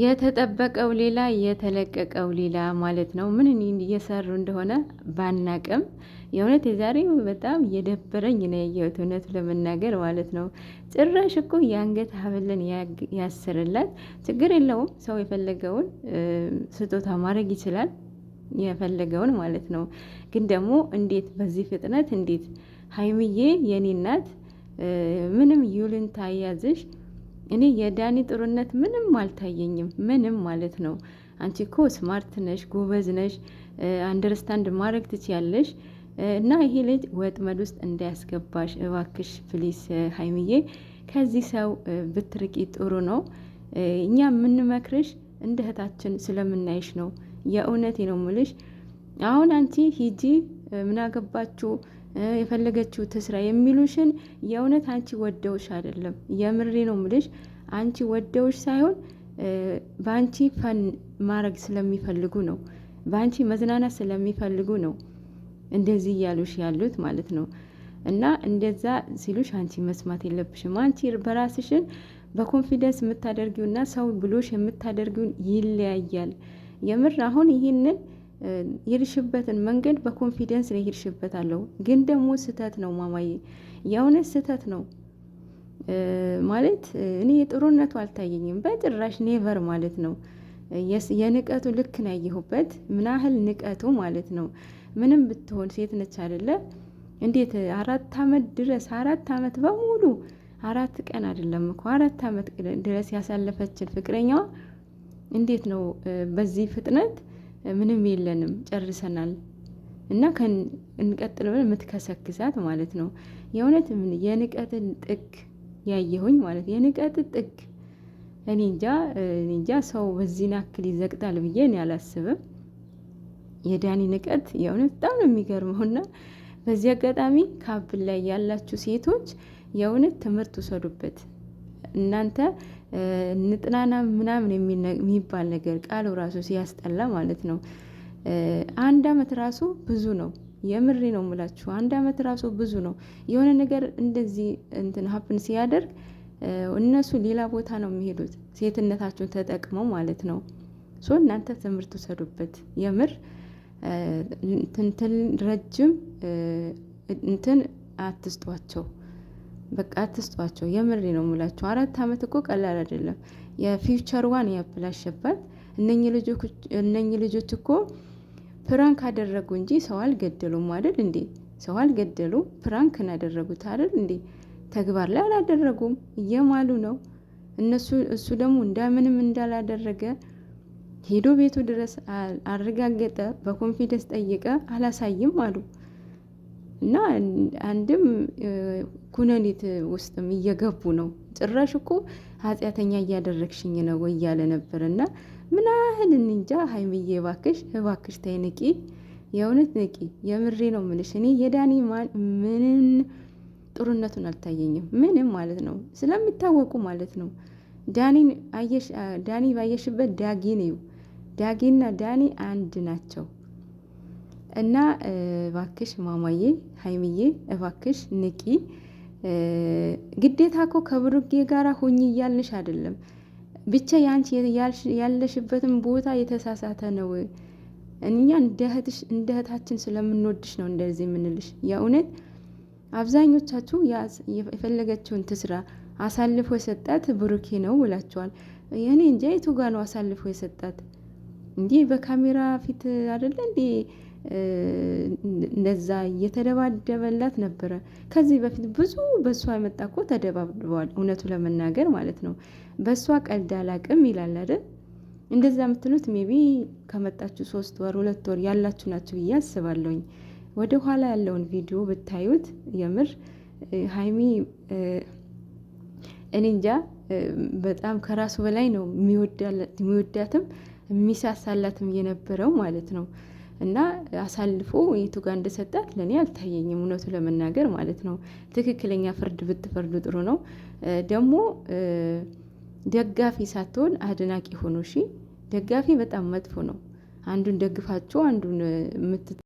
የተጠበቀው ሌላ የተለቀቀው ሌላ ማለት ነው። ምን እየሰሩ እንደሆነ ባናቅም የእውነት የዛሬው በጣም የደበረኝ ነው ያየሁት፣ እውነቱ ለመናገር ማለት ነው። ጭራሽ እኮ የአንገት ሀብልን ያስርላት። ችግር የለውም ሰው የፈለገውን ስጦታ ማድረግ ይችላል፣ የፈለገውን ማለት ነው። ግን ደግሞ እንዴት በዚህ ፍጥነት እንዴት ሀይምዬ የኔ ምንም ይውልን ታያዝሽ እኔ የዳኒ ጥሩነት ምንም አልታየኝም። ምንም ማለት ነው። አንቺ እኮ ስማርት ነሽ፣ ጎበዝ ነሽ፣ አንደርስታንድ ማድረግ ትችያለሽ እና ይሄ ልጅ ወጥመድ ውስጥ እንዳያስገባሽ እባክሽ ፕሊስ ሀይሚዬ፣ ከዚህ ሰው ብትርቂ ጥሩ ነው። እኛ የምንመክርሽ እንደ እህታችን ስለምናይሽ ነው። የእውነቴ ነው ምልሽ። አሁን አንቺ ሂጂ ምናገባችሁ የፈለገችው ትስራ የሚሉሽን የእውነት አንቺ ወደውሽ አይደለም። የምሬ ነው ምልሽ። አንቺ ወደውሽ ሳይሆን በአንቺ ፈን ማድረግ ስለሚፈልጉ ነው። በአንቺ መዝናናት ስለሚፈልጉ ነው እንደዚህ እያሉሽ ያሉት ማለት ነው። እና እንደዛ ሲሉሽ አንቺ መስማት የለብሽም። አንቺ በራስሽን በኮንፊደንስ የምታደርጊውና ሰው ብሎሽ የምታደርጊውን ይለያያል። የምር አሁን ይህንን የሄድሽበትን መንገድ በኮንፊደንስ ነው የሄድሽበት አለው። ግን ደግሞ ስህተት ነው ማማዬ፣ የእውነት ስህተት ነው። ማለት እኔ ጥሩነቱ አልታየኝም በጭራሽ ኔቨር ማለት ነው። የንቀቱ ልክ ነው ያየሁበት። ምን ያህል ንቀቱ ማለት ነው። ምንም ብትሆን ሴት ነች አይደለ? እንዴት አራት አመት ድረስ አራት አመት በሙሉ አራት ቀን አይደለም እኮ አራት አመት ድረስ ያሳለፈችን ፍቅረኛዋ እንዴት ነው በዚህ ፍጥነት ምንም የለንም ጨርሰናል እና እንቀጥል ብለን የምትከሰክሳት ማለት ነው። የእውነት የንቀትን ጥግ ያየሁኝ ማለት የንቀት ጥግ። እኔ እንጃ እኔ እንጃ ሰው በዚህን ያክል ይዘቅጣል ብዬ እኔ አላስብም። የዳኒ ንቀት የእውነት በጣም ነው የሚገርመውና በዚህ አጋጣሚ ካብ ላይ ያላችሁ ሴቶች የእውነት ትምህርት ውሰዱበት። እናንተ ንጥናና ምናምን የሚባል ነገር ቃሉ ራሱ ሲያስጠላ ማለት ነው። አንድ አመት ራሱ ብዙ ነው። የምሬ ነው የምላችሁ። አንድ አመት ራሱ ብዙ ነው። የሆነ ነገር እንደዚህ እንትን ሀፕን ሲያደርግ እነሱ ሌላ ቦታ ነው የሚሄዱት፣ ሴትነታቸውን ተጠቅመው ማለት ነው። ሶ እናንተ ትምህርት ውሰዱበት። የምር ትንትን ረጅም እንትን አትስጧቸው፣ በቃ አትስጧቸው። የምሬ ነው የምላችሁ። አራት አመት እኮ ቀላል አይደለም። የፊውቸር ዋን ያበላሸባት እነኚህ ልጆች እኮ ፕራንክ አደረጉ እንጂ ሰው አልገደሉም አይደል እንዴ? ሰው አልገደሉም፣ ፕራንክን አደረጉት አይደል እንዴ? ተግባር ላይ አላደረጉም፣ እየማሉ ነው እነሱ። እሱ ደግሞ እንዳምንም እንዳላደረገ ሄዶ ቤቱ ድረስ አረጋገጠ። በኮንፊደንስ ጠየቀ። አላሳይም አሉ እና አንድም ኩነኔት ውስጥም እየገቡ ነው። ጭራሽ እኮ ኃጢአተኛ እያደረግሽኝ ነው እያለ ነበር እና ምናህን ያህል እንጃ። ሀይሚዬ እባክሽ እባክሽ ተይ ንቂ፣ የእውነት ንቂ። የምሬ ነው ምልሽ። እኔ የዳኒ ምንን ጥሩነቱን አልታየኝም፣ ምንም ማለት ነው ስለሚታወቁ ማለት ነው። ዳኒ ባየሽበት ዳጊ ነው። ዳጊና ዳኒ አንድ ናቸው። እና እባክሽ ማማዬ ሀይምዬ እባክሽ ንቂ። ግዴታ እኮ ከብሩጌ ጋራ ሁኝ እያልንሽ አይደለም ብቻ ያንቺ ያለሽበትን ቦታ የተሳሳተ ነው። እኛ እንደ እንደህታችን ስለምንወድሽ ነው እንደዚህ የምንልሽ። የእውነት አብዛኞቻችሁ የፈለገችውን ትስራ፣ አሳልፎ የሰጣት ብሩኬ ነው ብላችኋል። እኔ እንጃ የቱ ጋ ነው አሳልፎ የሰጣት? እንዲህ በካሜራ ፊት አይደለ እንዲህ እንደዛ እየተደባደበላት ነበረ። ከዚህ በፊት ብዙ በእሷ የመጣ እኮ ተደባድበዋል። እውነቱ ለመናገር ማለት ነው። በእሷ ቀልድ አላቅም ይላል አይደል? እንደዛ የምትሉት ሜቢ ከመጣችሁ ሶስት ወር ሁለት ወር ያላችሁ ናችሁ ብዬ አስባለሁኝ። ወደ ኋላ ያለውን ቪዲዮ ብታዩት የምር ሀይሚ እኔ እንጃ በጣም ከራሱ በላይ ነው የሚወዳትም የሚሳሳላትም የነበረው ማለት ነው። እና አሳልፎ የቱ ጋር እንደሰጣት ለእኔ አልታየኝም፣ እውነቱ ለመናገር ማለት ነው። ትክክለኛ ፍርድ ብትፈርዱ ጥሩ ነው። ደግሞ ደጋፊ ሳትሆን አድናቂ ሆኖ፣ እሺ። ደጋፊ በጣም መጥፎ ነው። አንዱን ደግፋችሁ አንዱን